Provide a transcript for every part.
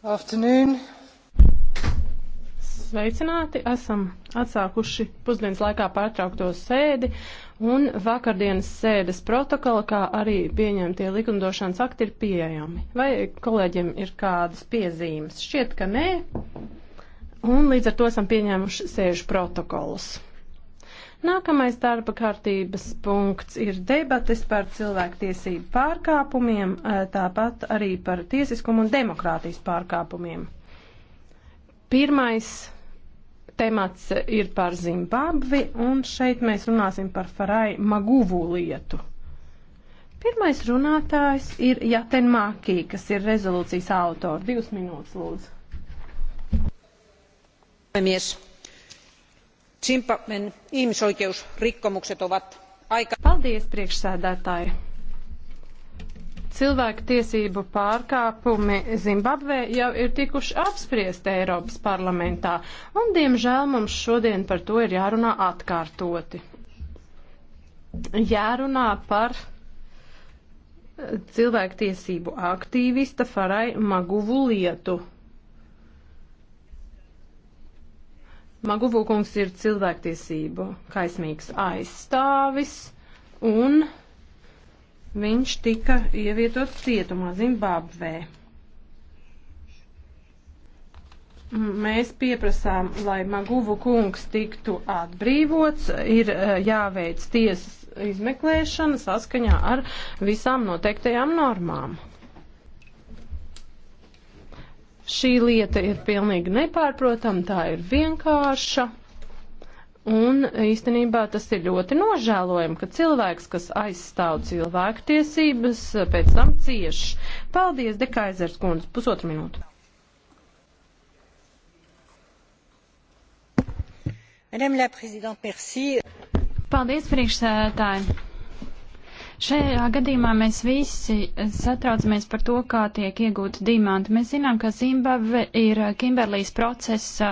Afternoon. Sveicināti! Esam atsākuši pusdienas laikā pārtraukto sēdi un vakardienas sēdes protokola, kā arī pieņemtie likumdošanas akti ir pieejami. Vai kolēģiem ir kādas piezīmes? Šķiet, ka nē. Un līdz ar to esam pieņēmuši sēžu protokolus. Nākamais darba kārtības punkts ir debates par cilvēktiesību pārkāpumiem, eh, tāpat arī par tiesiskumu un demokrātijas pārkāpumiem. Pirmais temats ir par Zimbabvi, un šeit mēs runāsim par Farai Maguvu lietu. Pirmais runātājs ir Jaten Mākī, kas ir rezolūcijas autori. Divas minūtes, lūdzu. Mies zimbabwen ihmisoikeusrikkomukset ovat aika. paldies priekšsēdētāji! Cilvēku tiesību pārkāpumi Zimbabvē jau ir tikuši apspriesti Eiropas parlamentā, un diemžēl mums šodien par to ir jārunā atkārtoti. Jārunā par eh, cilvēktiesību aktīvista Farai Maguvu lietu. Maguvu kungs ir cilvēktiesību kaismīgs aizstāvis un viņš tika ievietots cietumā Zimbabvē. Mēs pieprasām, lai Maguvu kungs tiktu atbrīvots, ir e, jāveic tiesas izmeklēšana saskaņā ar visām noteiktajām normām. Šī lieta ir pilnīgi nepārprotama, tā ir vienkārša. Un īstenībā tas ir ļoti nožēlojami, ka cilvēks, kas aizstāv cilvēku tiesības, pēc tam cieš. Paldies, Dekaizers kundze, pusotru minūtu. Madame la Présidente, merci. Paldies, priekšsēdētāji. Šajā gadījumā mēs visi satraucamies par to, kā tiek iegūti dimanti. Mēs zinām, ka Zimbabve ir Kimberlīs procesa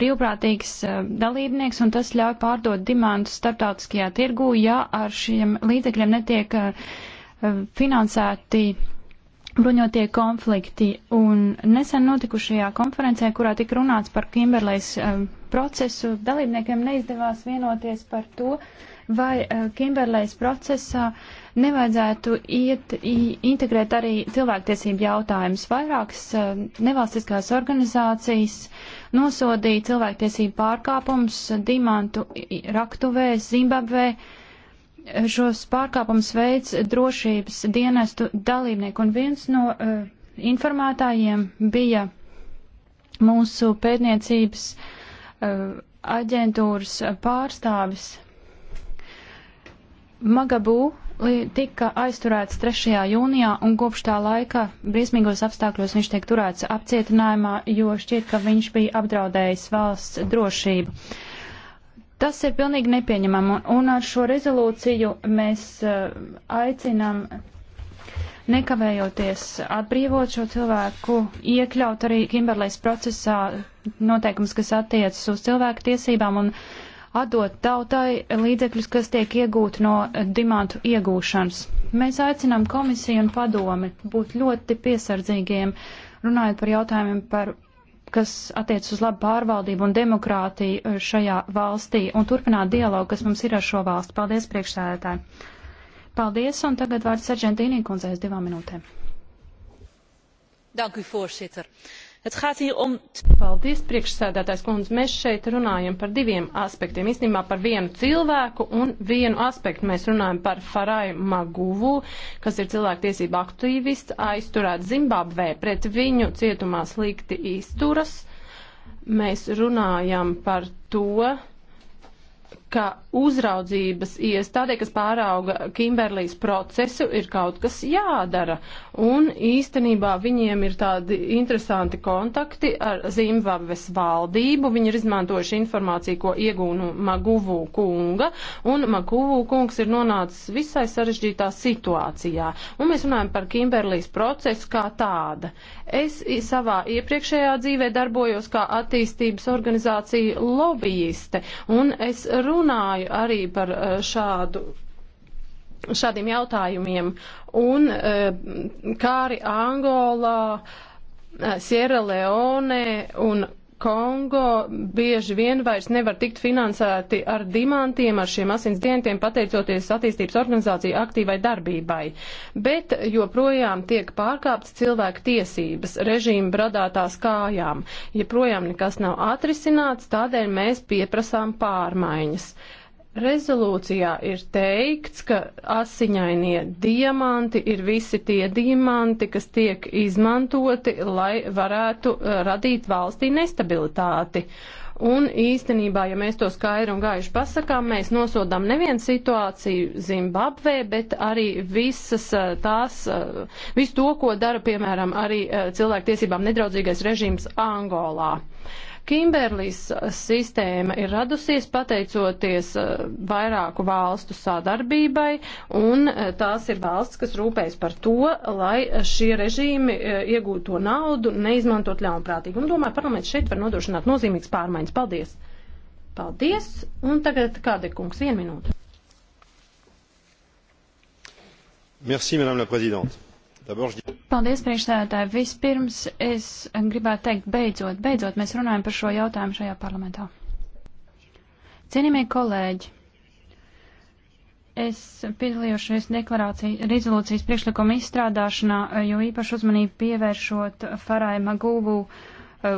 brīvprātīgs eh, dalībnieks, un tas ļauj pārdot dimantus starptautiskajā tirgū, ja ar šiem līdzekļiem netiek eh, finansēti bruņotie konflikti. Un nesen notikušajā konferencē, kurā tika runāts par Kimberlejas um, eh, procesu, dalībniekiem neizdevās vienoties par to, uh, vai eh, Kimberlejas procesā nevajadzētu iet, integrēt arī cilvēktiesību jautājumus. Vairākas eh, nevalstiskās organizācijas nosodīja cilvēktiesību pārkāpumus dimantu raktuvēs Zimbabvē. Eh, šos pārkāpumus veids drošības dienestu dalībnieku, un viens no uh, informētājiem bija mūsu pētniecības uh, aģentūras pārstāvis Magabū tika aizturēts 3. jūnijā, un kopš tā laika briesmīgos apstākļos viņš tiek turēts apcietinājumā, jo šķiet, ka viņš bija apdraudējis valsts drošību. Tas ir pilnīgi nepieņemama, un ar šo rezolūciju mēs eh, aicinām nekavējoties atbrīvot šo cilvēku, iekļaut arī Kimberlejas procesā noteikums, kas attiecas uz cilvēku tiesībām un cilvēku atdot tautai līdzekļus, kas tiek iegūti no dimantu iegūšanas. Mēs aicinām komisiju un padomi būt ļoti piesardzīgiem, runājot par jautājumiem, par, kas attiec uz labu pārvaldību un demokrātiju eh, šajā valstī, un turpināt dialogu, kas mums ir ar šo valstu. Paldies, priekšsēdētāji! Paldies, un tagad vārds Sargentīnī kundzēs divām minūtēm. Dank u, voorzitter. Uh, Het gaat hier om... Paldies, priekšsēdētājs kundze. Mēs šeit runājam par diviem aspektiem. Īstenībā par vienu cilvēku un vienu aspektu. Mēs runājam par Farai Maguvu, kas ir cilvēktiesība aktīvists, aizturēt Zimbabvē. Pret viņu cietumā slikti izturas. Mēs runājam par to, ka uzraudzības iestādē, kas pārauga Kimberlīs procesu, ir kaut kas jādara. Un īstenībā viņiem ir tādi interesanti kontakti ar Zimbabves valdību. Viņi ir izmantojuši informāciju, ko iegūnu Maguvu kunga, un Maguvu kungs ir nonācis visai sarežģītā situācijā. Un mēs runājam par Kimberlīs procesu kā tāda. Es savā iepriekšējā dzīvē darbojos kā attīstības organizācija lobbyiste, un es runāju runāju arī par eh, šādu šādiem jautājumiem. Un eh, kā arī Angolā, eh, Sierra Leone un Kongo bieži vien vairs nevar tikt finansēti ar dimantiem, ar šiem asins dientiem, pateicoties attīstības organizāciju aktīvai darbībai. Bet joprojām tiek pārkāptas cilvēku tiesības režīmu bradātās kājām. Joprojām nekas nav atrisināts, tādēļ mēs pieprasām pārmaiņas. Uh, Rezolūcijā ir teikts, ka asiņainie diamanti ir visi tie diamanti, kas tiek izmantoti, lai varētu uh, radīt valstī nestabilitāti. Un īstenībā, ja mēs to skaidri un gaiši pasakām, mēs nosodām nevienu situāciju Zimbabvē, bet arī visas uh, tās, uh, visu to, ko dara, piemēram, arī cilvēktiesībām nedraudzīgais režīms Angolā. Uh, Kimberlīs uh, sistēma ir radusies pateicoties uh, vairāku valstu sadarbībai, un uh, tās ir valsts, kas rūpējas par to, lai šie režīmi iegūto naudu neizmantot ļaunprātīgi. Un domāju, parlaments šeit var nodrošināt nozīmīgas pārmaiņas. Paldies! Paldies! Un tagad kāda ir kungs? Vienu minūtu. Merci, madame la présidente Paldies, priekšsēdētāji. Vispirms es gribētu teikt, beidzot, beidzot mēs runājam par šo jautājumu šajā parlamentā. Cienījamie kolēģi, es piedalījušies rezolūcijas priekšlikuma izstrādāšanā, jo īpaši uzmanību pievēršot Farai Magūvu e,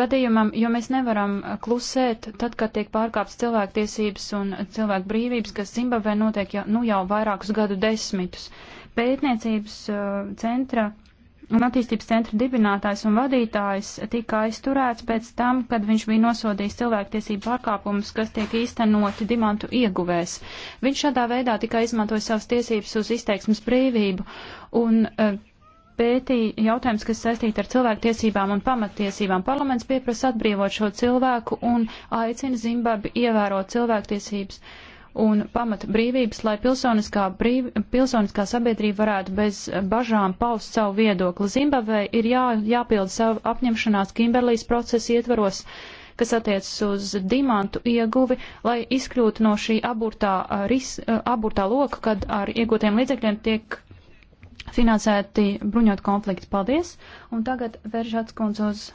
gadījumam, jo mēs nevaram klusēt tad, kad tiek pārkāpts cilvēktiesības un cilvēku brīvības, kas Zimbabvē notiek jau, nu, jau vairākus gadu desmitus. Uh, Pētniecības uh, centra un attīstības centra dibinātājs un vadītājs tika aizturēts pēc tam, kad viņš bija nosodījis cilvēktiesību pārkāpumus, kas tiek īstenoti dimantu ieguvēs. Viņš šādā veidā tikai izmantoja savas tiesības uz izteiksmes brīvību un uh, pētīja jautājums, kas saistīta ar cilvēktiesībām un pamatiesībām. Parlaments pieprasa atbrīvot šo cilvēku un aicina Zimbabvi ievērot cilvēktiesības. Uh, un pamata brīvības, lai pilsoniskā, brīv, pilsoniskā sabiedrība varētu bez bažām paust savu viedokli. Zimbabvē ir jā, jāpilda savu apņemšanās Kimberlīs procesa ietvaros, kas attiecas uz dimantu ieguvi, lai izkļūtu no šī aburtā, ris, aburtā loka, kad ar iegūtiem līdzekļiem tiek finansēti bruņot konflikti. Paldies! Un tagad vēršāts kundze uz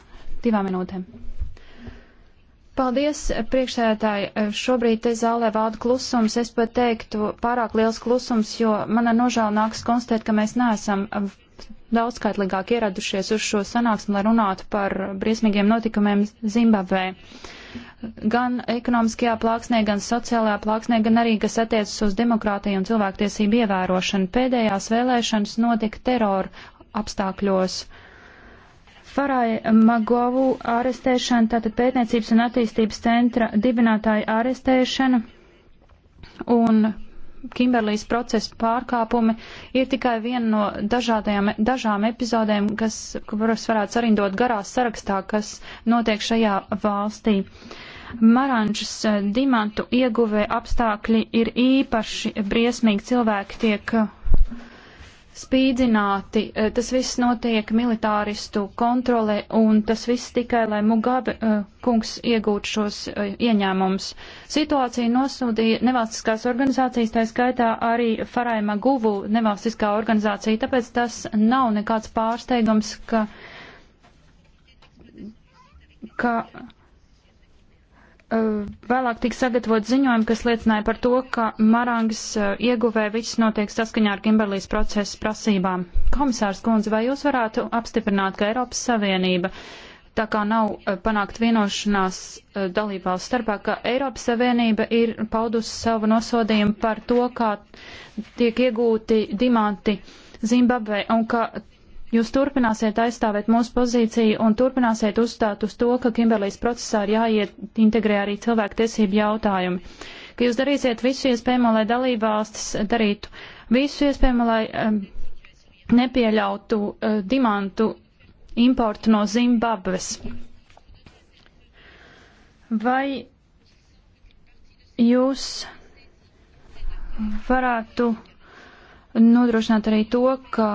divām minūtēm. Paldies, priekšsēdētāji. Šobrīd te zālē valda klusums. Es pat teiktu pārāk liels klusums, jo man ar nožēlu nāks konstatēt, ka mēs neesam daudzskaitlīgāk ieradušies uz šo sanāksmu, lai runātu par briesmīgiem notikumiem Zimbabvē. Gan ekonomiskajā plāksnē, gan sociālajā plāksnē, gan arī, kas attiecas uz demokrātiju un cilvēktiesību ievērošanu. Pēdējās vēlēšanas notika terora apstākļos. Uh, Farai Magovu arestēšana, tātad pētniecības un attīstības centra dibinātāja arestēšana un Kimberlīs procesa pārkāpumi ir tikai viena no dažādajām, dažām epizodēm, kas, kuras varētu sarindot garā sarakstā, kas notiek šajā valstī. Marančas e, dimantu ieguvē apstākļi ir īpaši briesmīgi cilvēki tiek spīdzināti, eh, tas viss notiek militāristu kontrolē un tas viss tikai, lai Mugabe eh, kungs iegūtu šos eh, ieņēmumus. Situāciju nosūdīja nevalstiskās organizācijas, tā skaitā arī Faraima Guvu nevalstiskā organizācija, tāpēc tas nav nekāds pārsteigums, ka, ka Vēlāk tika sagatavot ziņojumi, kas liecināja par to, ka Marangas ieguvē viss notiek saskaņā ar Kimberlīs procesa prasībām. Komisārs Kundze, vai jūs varētu apstiprināt, ka Eiropas Savienība, tā kā nav panākt vienošanās dalībvalsts starpā, ka Eiropas Savienība ir paudusi savu nosodījumu par to, kā tiek iegūti dimanti Zimbabvē un ka Jūs turpināsiet aizstāvēt mūsu pozīciju un turpināsiet uzstāt uz to, ka Kimberlīs procesā ir jāiet integrē arī cilvēktiesību jautājumi, ka jūs darīsiet visu iespējamo, lai dalībvalstis darītu visu iespējamo, lai um, nepieļautu uh, dimantu importu no Zimbabves. Vai jūs varētu nodrošināt arī to, ka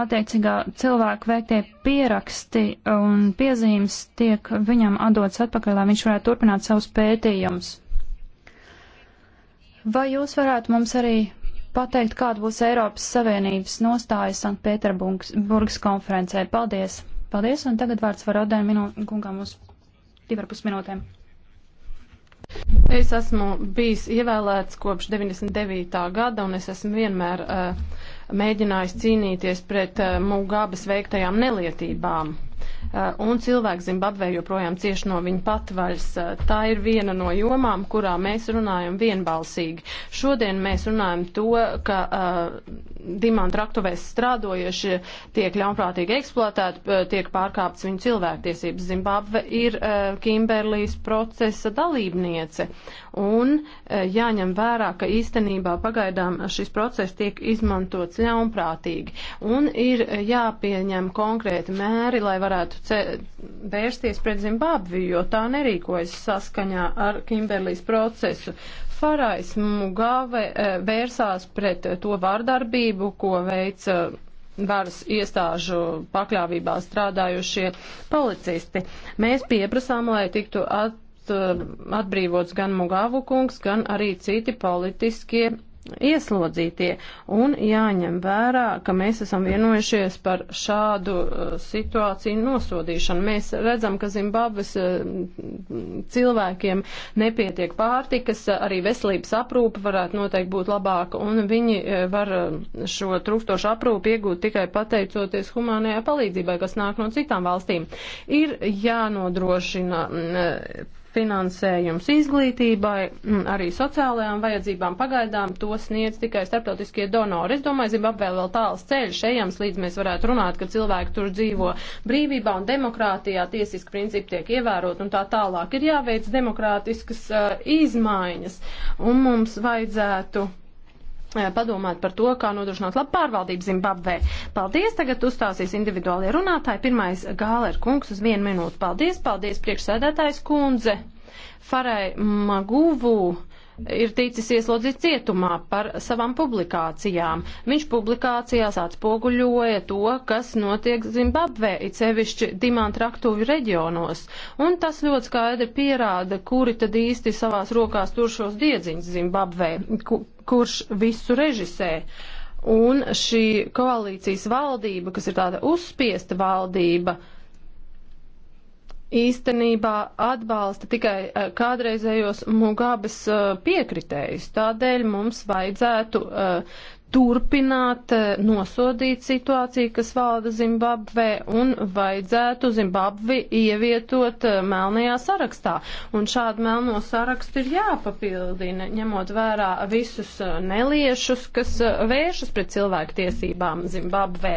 attiecīgā cilvēka veiktie pieraksti un piezīmes tiek viņam atdots atpakaļ, lai viņš varētu turpināt savus pētījumus. Vai jūs varētu mums arī pateikt, kāda būs Eiropas Savienības nostāja Sanktpēterburgas konferencē? Paldies! Paldies, un tagad vārds var atdēļ minū, kungam uz divarpus minūtēm. Es esmu bijis ievēlēts kopš 99. gada, un es esmu vienmēr uh, mēģinājis cīnīties pret uh, eh, Mugabes veiktajām nelietībām. Uh, un cilvēki Zimbabvē joprojām cieši no viņa patvaļas. Uh, tā ir viena no jomām, kurā mēs runājam vienbalsīgi. Šodien mēs runājam to, ka. Uh, dimantu raktuvēs strādojušie tiek ļaunprātīgi eksploatēti, tiek pārkāptas viņu cilvēktiesības. Zimbabve ir e, Kimberlīs procesa dalībniece un e, jāņem vērā, ka īstenībā pagaidām šis process tiek izmantots ļaunprātīgi un ir e, jāpieņem konkrēti mēri, lai varētu vērsties pret Zimbabvi, jo tā nerīkojas saskaņā ar Kimberlīs procesu. Farais Mugave eh, vērsās pret to vārdarbību, ko veica eh, varas iestāžu pakļāvībā strādājušie policisti. Mēs pieprasām, lai tiktu at, eh, atbrīvots gan Mugavu kungs, gan arī citi politiskie ieslodzītie. Un jāņem vērā, ka mēs esam vienojušies par šādu uh, situāciju nosodīšanu. Mēs redzam, ka Zimbabves uh, cilvēkiem nepietiek pārtikas, uh, arī veselības aprūpe varētu noteikti būt labāka, un viņi uh, var uh, šo trūkstošu aprūpu iegūt tikai pateicoties humanajā palīdzībai, kas nāk no citām valstīm. Ir jānodrošina mm, finansējums izglītībai, mm, arī sociālajām vajadzībām pagaidām to sniedz tikai starptautiskie donori. Es domāju, Zimbabvē vēl tāls ceļš ejams, līdz mēs varētu runāt, ka cilvēki tur dzīvo brīvībā un demokrātijā, tiesiski principi tiek ievērot un tā tālāk. Ir jāveic demokrātiskas uh, izmaiņas un mums vajadzētu. Eh, padomāt par to, kā nodrošināt labu pārvaldību Zimbabvē. Paldies, tagad uzstāsies individuālie runātāji. Pirmais Gāler kungs uz vienu minūtu. Paldies, paldies, priekšsēdētājs kundze. Farai Maguvu ir ticis ieslodzīts cietumā par savām publikācijām. Viņš publikācijās atspoguļoja to, kas notiek Zimbabvē, it sevišķi dimantu raktuvi reģionos. Un tas ļoti skaidri pierāda, kuri tad īsti savās rokās tur šos diedziņus Zimbabvē, ku, kurš visu režisē. Un šī koalīcijas valdība, kas ir tāda uzspiesta valdība, uh, īstenībā atbalsta tikai eh, kādreizējos Mugabes eh, piekritējus. Tādēļ mums vajadzētu eh, turpināt eh, nosodīt situāciju, kas valda Zimbabvē, un vajadzētu Zimbabvi ievietot eh, melnajā sarakstā. Un šādu melno sarakstu ir jāpapildina, ņemot vērā visus eh, neliešus, kas vēršas pret cilvēktiesībām Zimbabvē.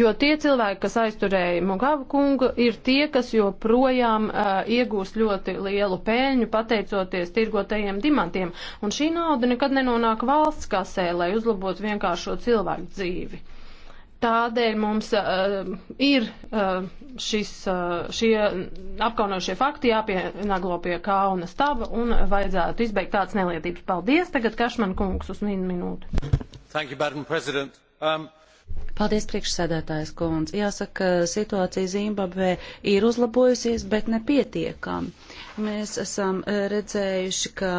Jo tie cilvēki, kas aizturēja Mugabu kungu, ir tie, kas joprojām uh, iegūst ļoti lielu pēļņu pateicoties tirgotajiem dimantiem. Un šī nauda nekad nenonāk valsts kasē, lai uzlabotu vienkārši vienkāršo cilvēku dzīvi. Tādēļ mums uh, ir uh, šis, uh, šie apkaunošie fakti jāpienaglo pie kauna stava un vajadzētu izbeigt tādas nelietības. Paldies, tagad Kašman kungs uz vienu minūti. Thank you, Madam President. Um, Paldies, priekšsēdētājs kundze. Jāsaka, situācija Zimbabvē ir uzlabojusies, bet nepietiekami. Mēs esam e, redzējuši, ka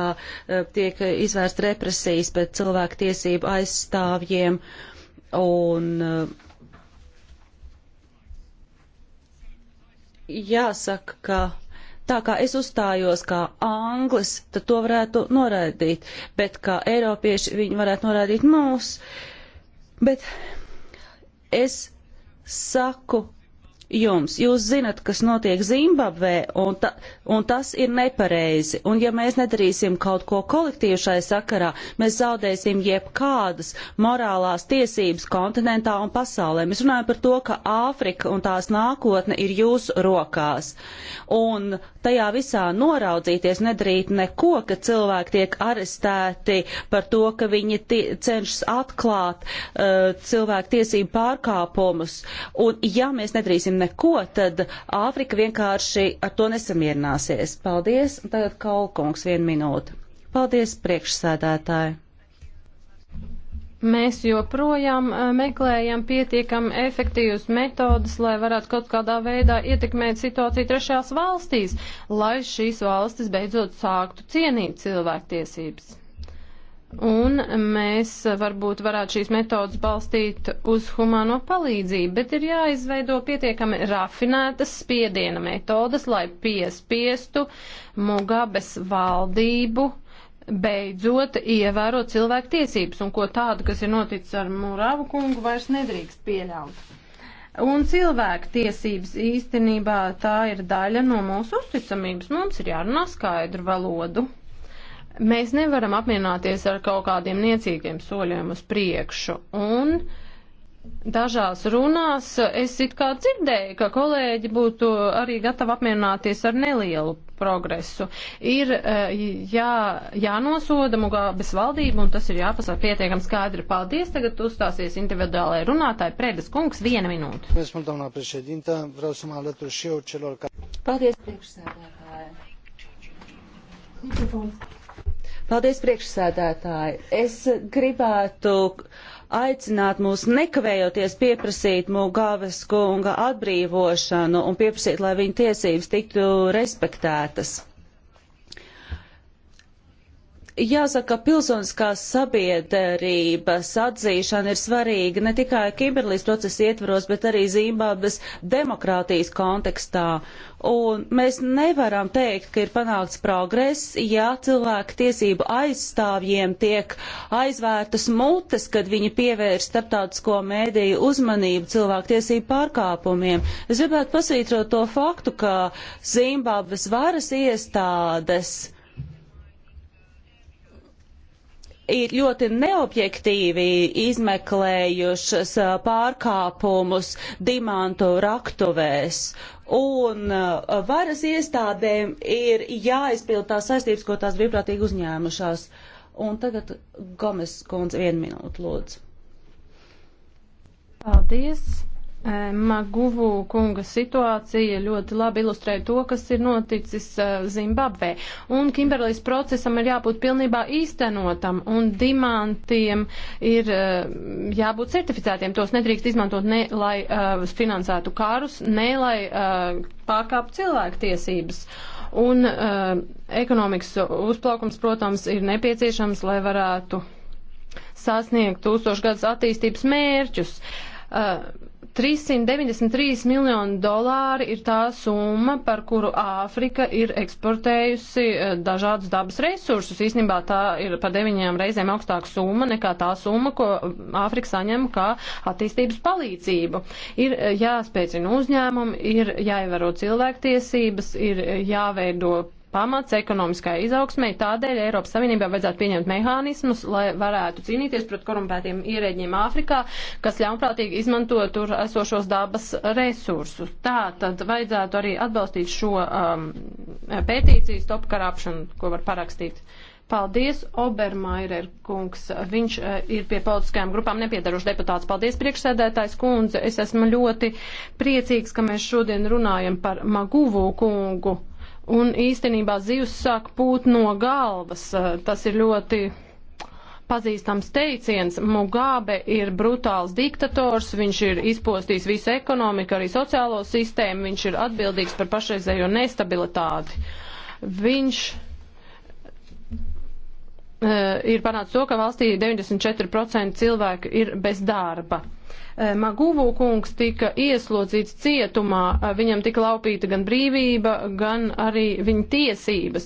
e, tiek izvērst represijas pret cilvēku tiesību aizstāvjiem un e, jāsaka, ka tā kā es uzstājos kā anglis, tad to varētu noraidīt, bet kā eiropieši viņi varētu noraidīt mūs. Bet es saku, jums. Jūs zinat, kas notiek Zimbabvē, un, ta, un tas ir nepareizi. Un ja mēs nedarīsim kaut ko kolektīvu šai sakarā, mēs zaudēsim jebkādas morālās tiesības kontinentā un pasaulē. Mēs runājam par to, ka Āfrika un tās nākotne ir jūsu rokās. Un tajā visā noraudzīties, nedarīt neko, ka cilvēki tiek arestēti par to, ka viņi cenšas atklāt uh, cilvēku tiesību pārkāpumus. Un ja mēs nedarīsim neko, tad Āfrika vienkārši ar to nesamierināsies. Paldies, un tagad Kalkungs vienu minūtu. Paldies, priekšsēdētāji. Mēs joprojām eh, meklējam pietiekami efektīvas metodas, lai varētu kaut kādā veidā ietekmēt situāciju trešās valstīs, lai šīs valstis beidzot sāktu cienīt cilvēktiesības. Un mēs varbūt varētu šīs metodas balstīt uz humāno palīdzību, bet ir jāizveido pietiekami rafinētas spiediena metodas, lai piespiestu Mugabes valdību beidzot ievērot cilvēku tiesības, un ko tādu, kas ir noticis ar Muravu kungu, vairs nedrīkst pieļaut. Un cilvēku tiesības īstenībā tā ir daļa no mūsu uzticamības. Mums ir jārunā skaidru valodu. Mēs nevaram apmienāties ar kaut kādiem niecīgiem soļiem uz priekšu. Un dažās runās es it kā dzirdēju, ka kolēģi būtu arī gatavi apmienāties ar nelielu progresu. Ir e, jā, jānosoda Mugabes valdība, un tas ir jāpasaka pietiekami skaidri. Paldies, tagad uzstāsies individuālajai runātāji. Prēdes kungs, viena minūte. Paldies, priekšsēdētāji. Mikrofons. Paldies, priekšsēdētāji. Es gribētu aicināt mūs nekavējoties pieprasīt Mugavas kunga atbrīvošanu un pieprasīt, lai viņa tiesības tiktu respektētas. Jāsaka, pilsoniskās sabiedrības atzīšana ir svarīga ne tikai Kimberlīs procesa ietvaros, bet arī Zimbabves demokrātijas kontekstā. Un mēs nevaram teikt, ka ir panākts progress, ja cilvēku tiesību aizstāvjiem tiek aizvērtas mutes, kad viņi pievērš starptautisko mēdīju uzmanību cilvēku tiesību pārkāpumiem. Es gribētu pasvītrot to faktu, ka Zimbabves varas iestādes ir ļoti neobjektīvi izmeklējušas pārkāpumus dimantu raktuvēs. Un varas iestādēm ir jāizpild tās saistības, ko tās brīvprātīgi uzņēmušās. Un tagad Gomes kundze vienu minūtu lūdzu. Paldies! Eh, Maguvu kunga situācija ļoti labi ilustrē to, kas ir noticis eh, Zimbabvē. Un Kimberlīs procesam ir jābūt pilnībā īstenotam, un dimantiem ir eh, jābūt certificētiem. Tos nedrīkst izmantot ne lai uh, finansētu kārus, ne lai uh, pārkāptu cilvēktiesības. Un uh, ekonomikas uzplaukums, protams, ir nepieciešams, lai varētu sasniegt tūstošgadus attīstības mērķus. Uh, 393 miljoni dolāri ir tā summa, par kuru Āfrika ir eksportējusi eh, dažādus dabas resursus. Īstenībā tā ir par deviņām reizēm augstāka summa nekā tā summa, ko Āfrika saņem kā attīstības palīdzību. Ir eh, jāspēcina uzņēmumi, ir jāievēro cilvēktiesības, ir jāveido pamats ekonomiskai izaugsmai. Tādēļ Eiropas Savienībā vajadzētu pieņemt mehānismus, lai varētu cīnīties pret korumpētiem ierēģiem Āfrikā, kas ļaunprātīgi izmanto tur esošos dabas resursus. Tā tad vajadzētu arī atbalstīt šo um, pētīciju Stop Corruption, ko var parakstīt. Paldies, Obermairer kungs. Viņš uh, ir pie politiskajām grupām nepiedarošs deputāts. Paldies, priekšsēdētājs kundze. Es esmu ļoti priecīgs, ka mēs šodien runājam par Maguvu kungu un īstenībā zivs sāk pūt no galvas. Eh, tas ir ļoti pazīstams teiciens. Mugabe ir brutāls diktators, viņš ir izpostījis visu ekonomiku, arī sociālo sistēmu, viņš ir atbildīgs par pašreizējo nestabilitāti. Viņš uh, ir panācis to, ka valstī 94% cilvēku ir bez darba. Eh, Maguvu kungs tika ieslodzīts cietumā, eh, viņam tika laupīta gan brīvība, gan arī viņa tiesības.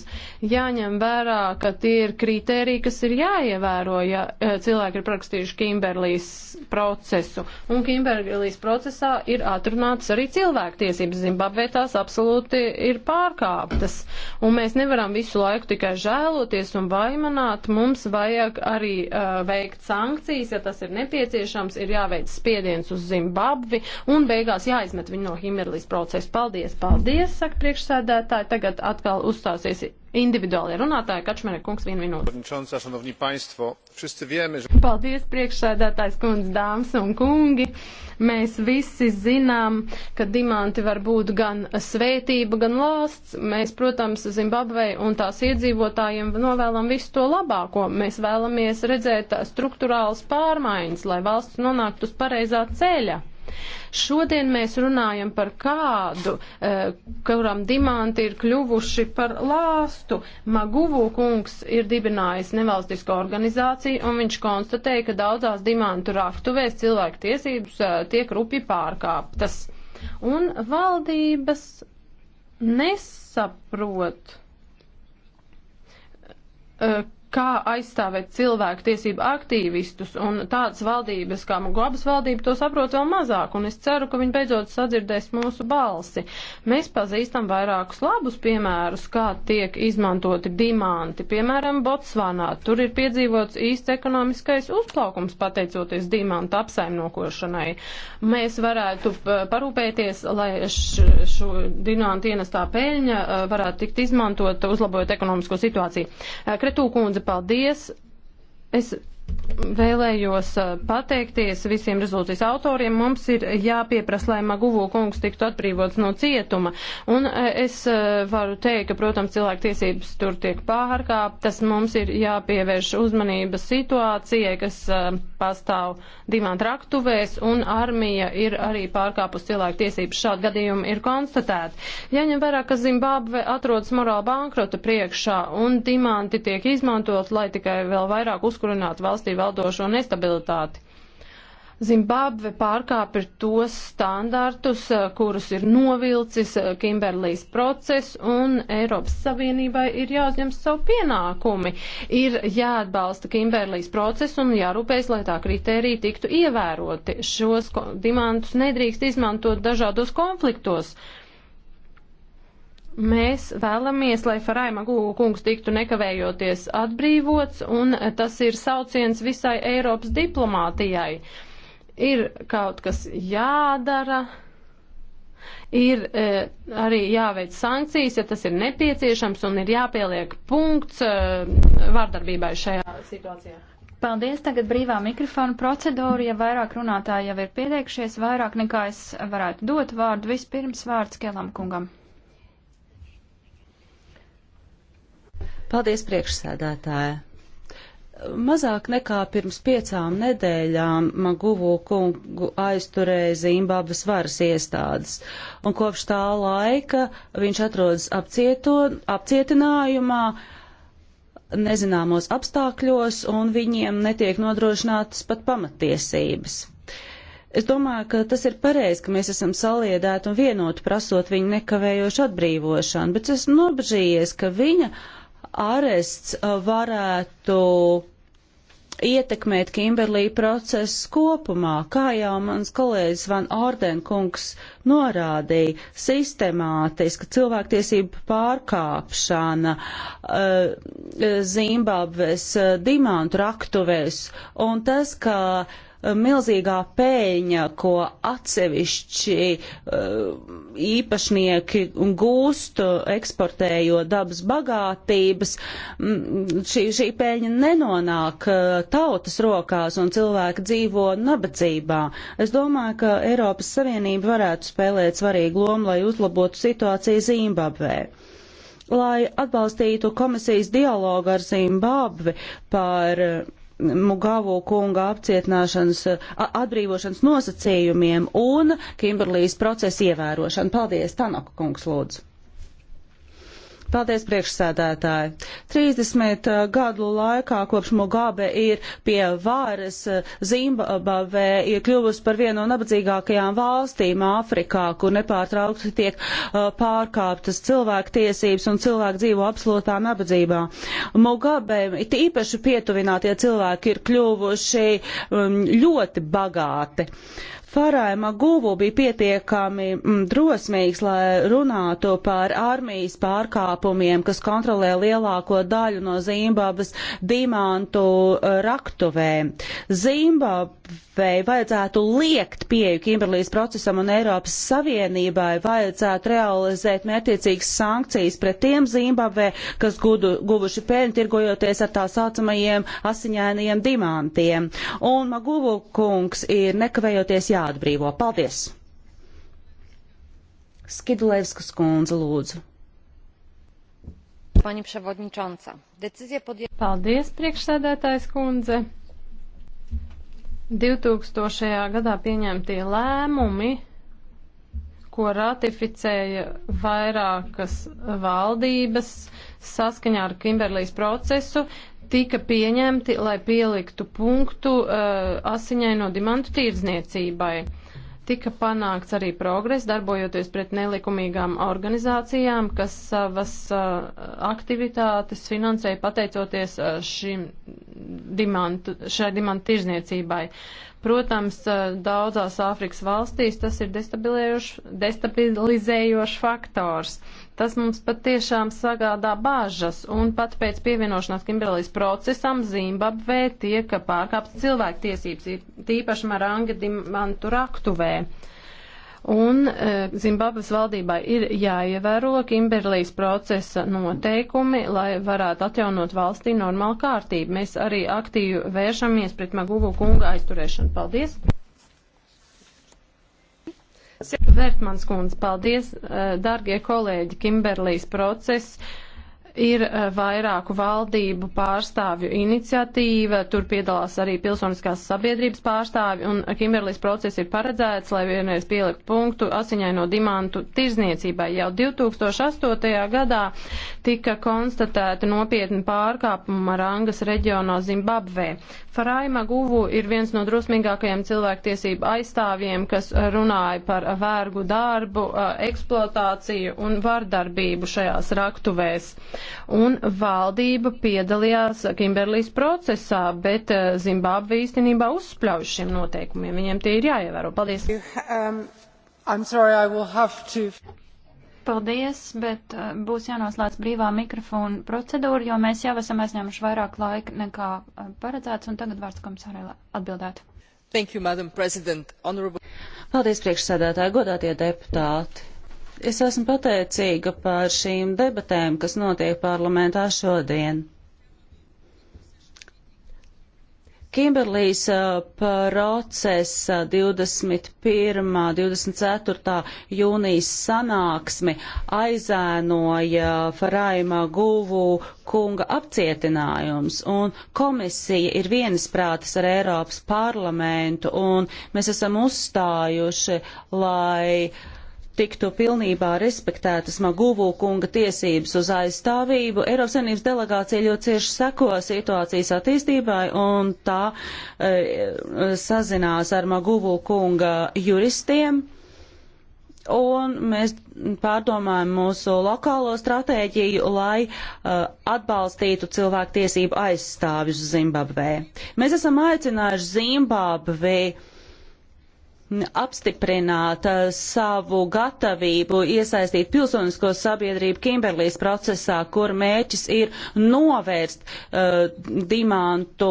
Jāņem vērā, ka tie ir kriteriji, kas ir jāievēro, ja eh, cilvēki ir prarakstījuši Kimberlīs procesu. Un Kimberlīs procesā ir atrunātas arī cilvēktiesības. Zimbabvē tās absolūti ir pārkāptas. Un mēs nevaram visu laiku tikai žēloties un vaimanāt. Mums vajag arī uh, veikt sankcijas, ja tas ir nepieciešams, ir jāveic jāveic spiediens uz Zimbabvi un beigās jāizmet viņu no Himerlīs procesa. Paldies, paldies, saka priekšsēdētāji. Tagad atkal uzstāsies individuālie runātāji. Kačmere kungs, vienu minūti. Paldies, priekšsēdētājs kundze, dāmas un kungi. Mēs visi zinām, ka dimanti var būt gan svētība, gan lāsts. Mēs, protams, Zimbabvei un tās iedzīvotājiem novēlam visu to labāko. Mēs vēlamies redzēt struktūrāls pārmaiņas, lai valsts nonāktu uz pareizā ceļa. Šodien mēs runājam par kādu, eh, kuram dimanti ir kļuvuši par lāstu. Maguvu kungs ir dibinājis nevalstisko organizāciju, un viņš konstatēja, ka daudzās dimantu raftuvēs cilvēku tiesības eh, tiek rupi pārkāptas. Un valdības nesaprot, eh, kā aizstāvēt cilvēku tiesību aktīvistus, un tādas valdības kā Mugabas valdība to saprot vēl mazāk, un es ceru, ka viņi beidzot sadzirdēs mūsu balsi. Mēs pazīstam vairākus labus piemērus, kā tiek izmantoti dimanti, piemēram, Botsvānā. Tur ir piedzīvots īsts ekonomiskais uzplaukums pateicoties dimantu apsaimnokošanai. Mēs varētu eh, parūpēties, lai š, šo dimantu ienestā peļņa eh, varētu tikt izmantota, uzlabojot ekonomisko situāciju. Eh, Kretūkundze, paldies! Es Vēlējos uh, pateikties visiem rezolūcijas autoriem. Mums ir jāpieprasa, lai Maguvo kungs tiktu atbrīvots no cietuma. Un uh, es uh, varu teikt, ka, protams, cilvēktiesības tur tiek pārkāptas. Mums ir jāpievērš uzmanība situācijai, kas pastāv divām traktuvēs, un armija ir arī pārkāpus cilvēktiesības. Šādi gadījumi ir konstatēti. Jaņem vērā, ka Zimbabve atrodas morāla bankrota priekšā, un dimanti tiek izmantot, lai tikai vēl vairāk uzkurinātu valsts valstī valdošo nestabilitāti. Zimbabve pārkāpa tos standartus, eh, kurus ir novilcis eh, Kimberlīs process, un Eiropas Savienībai ir jāuzņem savu pienākumi. Ir jāatbalsta Kimberlīs process un jārūpējas, lai tā kritērija tiktu ievēroti. Šos dimantus nedrīkst izmantot dažādos konfliktos. Uh, Mēs vēlamies, lai Faraima kungs tiktu nekavējoties atbrīvots, un tas ir sauciens visai Eiropas diplomātijai. Ir kaut kas jādara, ir e, arī jāveic sankcijas, ja tas ir nepieciešams, un ir jāpieliek punkts e, vārdarbībai šajā situācijā. Paldies, tagad brīvā mikrofona procedūra, ja vairāk runātāji jau ir pieteikšies, vairāk nekā es varētu dot vārdu, vispirms vārds Kelam kungam. Paldies, priekšsēdētāja! Mazāk nekā pirms piecām nedēļām Maguvu kungu aizturēja Zimbabves varas iestādes, un kopš tā laika viņš atrodas apcieto, apcietinājumā nezināmos apstākļos, un viņiem netiek nodrošinātas pat pamatiesības. Es domāju, ka tas ir pareizi, ka mēs esam saliedēti un vienoti prasot viņu nekavējošu atbrīvošanu, bet esmu nobežījies, ka viņa arests uh, varētu ietekmēt Kimberlī procesu kopumā, kā jau mans kolēģis Van Ordenkungs norādīja, sistemātiska cilvēktiesība pārkāpšana uh, Zimbabves uh, dimantu raktuvēs un tas, ka milzīgā pēļņa, ko atsevišķi eh, īpašnieki gūst, eh, eksportējot dabas bagātības, mm, šī, šī pēļņa nenonāk eh, tautas rokās un cilvēki dzīvo nabadzībā. Es domāju, ka Eiropas Savienība varētu spēlēt svarīgu lomu, lai uzlabotu situāciju Zimbabvē lai atbalstītu komisijas dialogu ar Zimbabvi par Mugavo kunga apcietināšanas, atbrīvošanas nosacījumiem un Kimberlīs procesa ievērošanu. Paldies, Tanaka kungs, lūdzu. Paldies, priekšsēdētāji. 30 uh, gadu laikā, kopš Mugabe ir pie vāras, uh, Zimbabve ir kļuvusi par vienu no nabadzīgākajām valstīm Āfrikā, kur nepārtraukti tiek uh, pārkāptas cilvēku tiesības un cilvēku dzīvo absolūtā nabadzībā. Mugabe it īpaši pietuvinātie cilvēki ir kļuvuši um, ļoti bagāti. Farājuma guvu bija pietiekami mm, drosmīgs, lai runātu par armijas pārkāpumu pārkāpumiem, kas kontrolē lielāko daļu no Zimbabves dimantu uh, raktuvēm. Zimbabvei vajadzētu liekt pieeju Kimberlīs procesam un Eiropas Savienībai vajadzētu realizēt mērķiecīgas sankcijas pret tiem Zimbabvē, kas gudu, guvuši pēļņu tirgojoties ar tā saucamajiem asiņainajiem dimantiem. Un Maguvu kungs ir nekavējoties jāatbrīvo. Paldies! Skidulevskas kundze lūdzu. Paldies, priekšsēdētājs kundze. 2000. gadā pieņemtie lēmumi, ko ratificēja vairākas valdības saskaņā ar Kimberlīs procesu, tika pieņemti, lai pieliktu punktu uh, asiņai no dimantu tirdzniecībai. Uh, Tika panākts arī progress, darbojoties pret nelikumīgām organizācijām, kas savas uh, aktivitātes finansēja pateicoties uh, šim dimantu, šai dimantu tirzniecībai. Protams, uh, daudzās Āfrikas valstīs tas ir destabilizējošs faktors. Uh, Tas mums patiešām sagādā bāžas, un pat pēc pievienošanās Kimberlīs procesam Zimbabvē tiek pārkāpts cilvēktiesības, tīpaši Maranga Dimantu raktuvē. Un e, Zimbabves valdībai ir jāievēro Kimberlīs procesa noteikumi, lai varētu atjaunot valstī normālu kārtību. Mēs arī aktīvi vēršamies pret Magugu kunga aizturēšanu. Paldies! Vērtmans kundze, paldies, eh, dargie kolēģi, Kimberlīs process ir eh, vairāku valdību pārstāvju iniciatīva, tur piedalās arī pilsoniskās sabiedrības pārstāvji, un Kimberlīs process ir paredzēts, lai vienreiz pielikt punktu asiņai no dimantu tirzniecībai. Jau 2008. gadā tika konstatēta nopietna pārkāpuma Rangas reģionā Zimbabvē. Faraima Guvu ir viens no drosmīgākajiem cilvēktiesību aizstāvjiem, kas runāja par vērgu darbu, eh, eksploatāciju un vardarbību šajās raktuvēs un valdība piedalījās Kimberlīs procesā, bet eh, Zimbabve īstenībā uzspļauj šiem noteikumiem. Viņiem tie ir jāievēro. Paldies! Um, sorry, Paldies, bet eh, būs jānoslēdz brīvā mikrofona procedūra, jo mēs jau esam aizņēmuši vairāk laika nekā eh, paredzēts, un tagad vārds komisārai atbildētu. Thank you, Madam President. Honorable... Paldies, priekšsēdētāji, godātie deputāti. Es esmu pateicīga par šīm debatēm, kas notiek parlamentā šodien. Kimberlīs uh, procesa 21. 24. jūnijas sanāksmi aizēnoja Faraima guvu kunga apcietinājums, un komisija ir vienisprātas ar Eiropas parlamentu, un mēs esam uzstājuši, lai uh, tiktu pilnībā respektētas Magūvu kunga tiesības uz aizstāvību. Eiropas Savienības delegācija ļoti cieši seko situācijas attīstībai un tā e, sazinās ar Magūvu kunga juristiem. Un mēs pārdomājam mūsu lokālo stratēģiju, lai uh, atbalstītu cilvēku tiesību aizstāvjus Zimbabvē. Mēs esam aicinājuši Zimbabvi uh, apstiprināt uh, savu gatavību iesaistīt pilsonisko sabiedrību Kimberlīs procesā, kur mērķis ir novērst uh, dimantu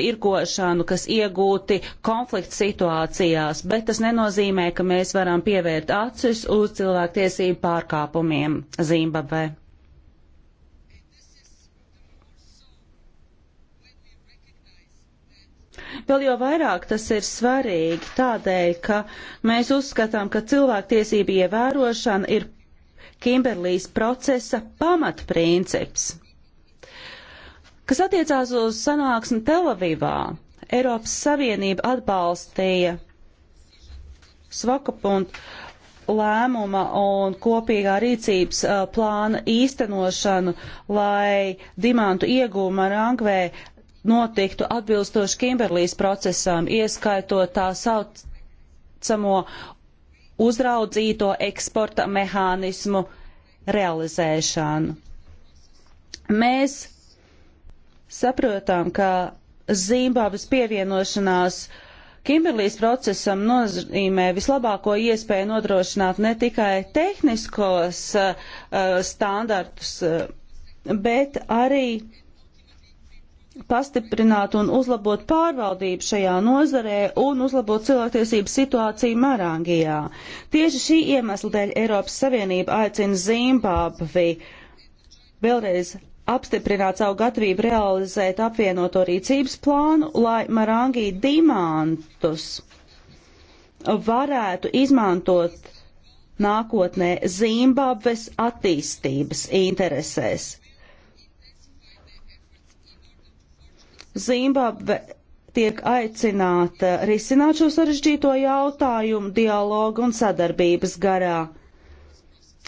tirkošanu, kas iegūti konflikta situācijās, bet tas nenozīmē, ka mēs varam pievērt acis uz cilvēktiesību pārkāpumiem Zimbabvē. Vēl jau vairāk tas ir svarīgi tādēļ, ka mēs uzskatām, ka cilvēktiesība ievērošana ir Kimberlīs procesa pamatprincips. Kas attiecās uz sanāksmi Telavivā, Eiropas Savienība atbalstīja Svakopuntu lēmuma un kopīgā rīcības uh, plāna īstenošanu, lai dimantu iegūma Rangvē notiktu atbilstoši Kimberlīs procesām, ieskaitot tā saucamo uzraudzīto eksporta mehānismu realizēšanu. Mēs saprotam, ka Zimbabves pievienošanās Kimberlīs procesam nozīmē vislabāko iespēju nodrošināt ne tikai tehniskos uh, standartus, eh, bet arī pastiprināt un uzlabot pārvaldību šajā nozarē un uzlabot cilvēktiesību situāciju Marangijā. Tieši šī iemesla dēļ Eiropas Savienība aicina Zimbabvi vēlreiz apstiprināt savu gatavību realizēt apvienoto rīcības plānu, lai Marangī dimantus varētu izmantot nākotnē Zimbabves attīstības interesēs. Zimbabve tiek aicināta risināt šo sarežģīto jautājumu dialogu un sadarbības garā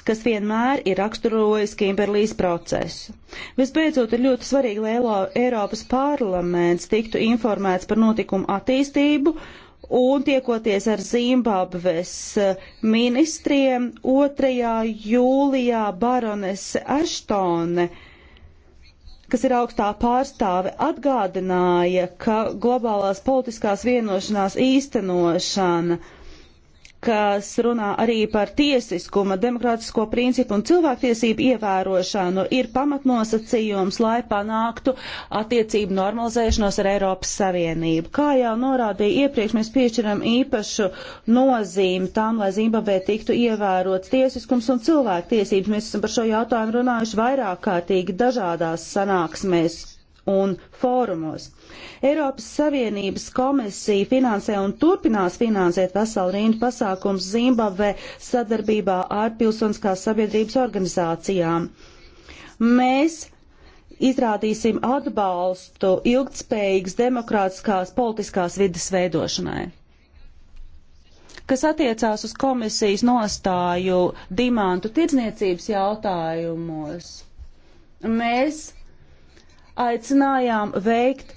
kas vienmēr ir raksturojis Kimberlīs procesu. Visbeidzot, ir ļoti svarīgi, lai Eiropas parlaments tiktu informēts par notikumu attīstību un tiekoties ar Zimbabves eh, ministriem 2. jūlijā baronese Ashtone kas ir augstā pārstāve, atgādināja, ka globālās politiskās vienošanās īstenošana uh, kas runā arī par tiesiskuma, demokrātisko principu un cilvēktiesību ievērošanu, ir pamatnosacījums, lai panāktu attiecību normalizēšanos ar Eiropas Savienību. Kā jau norādīja iepriekš, mēs piešķiram īpašu nozīmi tam, lai Zimbabvē tiktu ievērots tiesiskums un cilvēktiesības. Mēs esam par šo jautājumu runājuši vairāk kārtīgi dažādās sanāksmēs un fórumos. Eiropas Savienības komisija finansē un turpinās finansēt veselu rindu pasākums Zimbabvē sadarbībā ar pilsoniskās sabiedrības organizācijām. Mēs izrādīsim atbalstu ilgtspējīgas demokrātiskās politiskās vidas veidošanai. Kas attiecās uz komisijas nostāju dimantu tirdzniecības jautājumos, mēs aicinājām veikt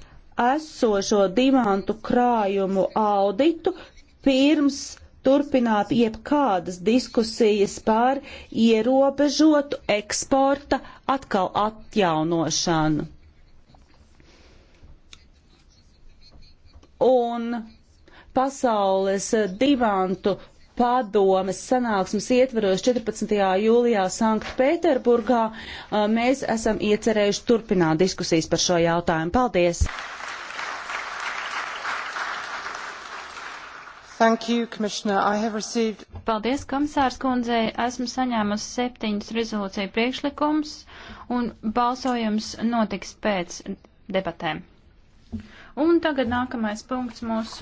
esošo dimantu krājumu auditu pirms turpināt jebkādas diskusijas par ierobežotu eksporta atkal atjaunošanu. Un pasaules divantu padomes sanāksmes ietveros 14. jūlijā Sanktpēterburgā. Mēs esam iecerējuši turpināt diskusijas par šo jautājumu. Paldies! Thank you, received... Paldies, komisārs kundzei. Esmu saņēmusi septiņus rezolūciju priekšlikumus un balsojums notiks pēc debatēm. Un tagad nākamais punkts mūsu